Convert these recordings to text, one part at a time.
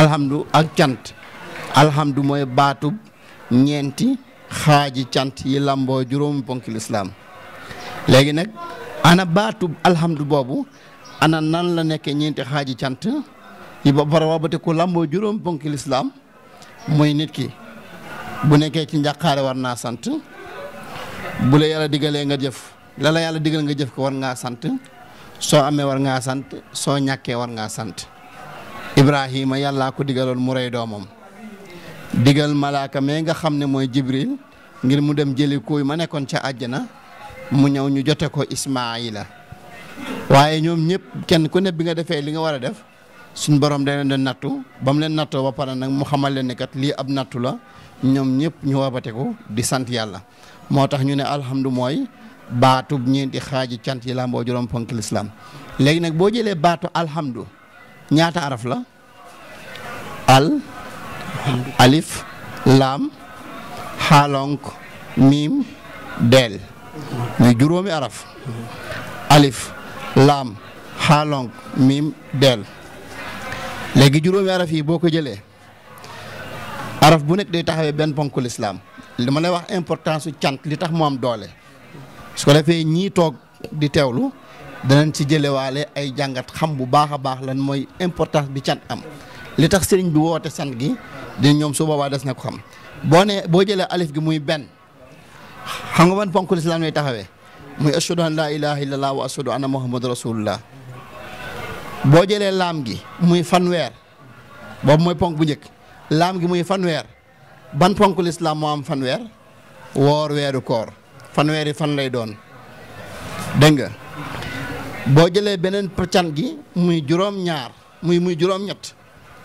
alhamdu ak cant alhamdu mooy baatub ñeenti xaaji cant yi lamboo juróomi ponki lislaam léegi nag ana baatub alxamdu boobu ana nan la nekkee ñeenti xaaji cant yi ba pare ba te ku lamboo juróomi ponki lislaam mooy nit ki bu nekkee ci njàqaare war naa sant bu la yàlla digalee nga jëf la la yàlla digal nga jëf ko war ngaa sant soo amee war ngaa sant soo ñàkkee war ngaa sant Ibrahima yàllaa ko digaloon mu rey doomam digal malaaka mee nga xam ne mooy Jibril ngir mu dem jëli kuuy ma nekkoon ca àjjana mu ñëw ñu jote ko Ismaayila waaye ñoom ñëpp kenn ku ne bi nga defee li nga war a def suñ borom da leen doon nattu ba mu leen nattoo ba pare nag mu xamal leen ne kat lii ab nattu la ñoom ñëpp ñu wabateku di sant yàlla moo tax ñu ne alhamdu mooy baatub ñeenti xaaji cant yi làmboo juróom ponk lislaam léegi nag boo jëlee baatu alhamdu ñaata araf la al alif laam xaalonk miim deel muy juróomi araf alif laam xaalonk miim deel léegi juróomi araf yi boo ko jëlee araf bu nekk day taxawee benn ponku lislaam li ma lay wax importance su cant li tax mu am doole su ko defee ñii toog di teewlu danañ ci jëlewaale ay jàngat xam bu baax a baax lan mooy importance bi can am li tax sëriñ bi woote sant gi di ñoom su boobaa des na ko xam boo ne boo jëlee alif gi muy benn xam nga man ponk lislaam lay taxawee muy ashhadu an laa ilaaha illallaah wa ashhadu anna muhammadu rasulullah boo jëlee laam gi muy fanweer boobu mooy ponk bu njëkk laam gi muy fanweer ban ponk lislaam moo am fanweer woor weeru koor fanweeri fan lay doon dégg nga boo jëlee beneen can gi muy juróom-ñaar muy muy juróom-ñett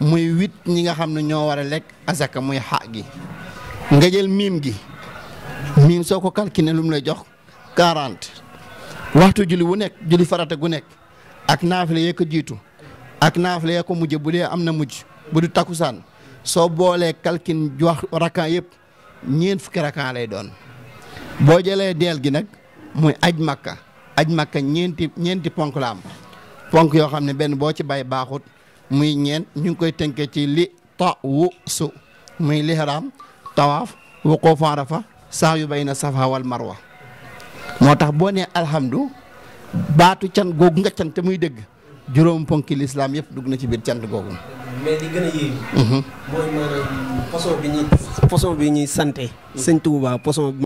muy huit ñi nga xam ne ñoo war a lekk asaka muy xa gi nga jël miim gi miim soo ko calculé lu la jox quarante waxtu julli wu nekk julli farate gu nekk ak naafila yee ko jiitu ak naafila yee ko mujj bu dee am na mujj bu du takkusaan soo boolee calcul wax rakkan yëpp ñeent fukki rakkan lay doon boo jëlee deel gi nag muy aj makka. aj makka ñeenti ñeenti ponk la am ponk yoo xam ne benn boo ci bay baaxut muy ñeent ñu ngi koy tënkee ci li su muy lihraam tawaaf wuquufu fa sax yu na safa wal marwa moo tax boo nee alhamdu baatu can googu nga cant muy dëgg juróom ponki lislaam yëpp dugg na ci biir cant googu. mais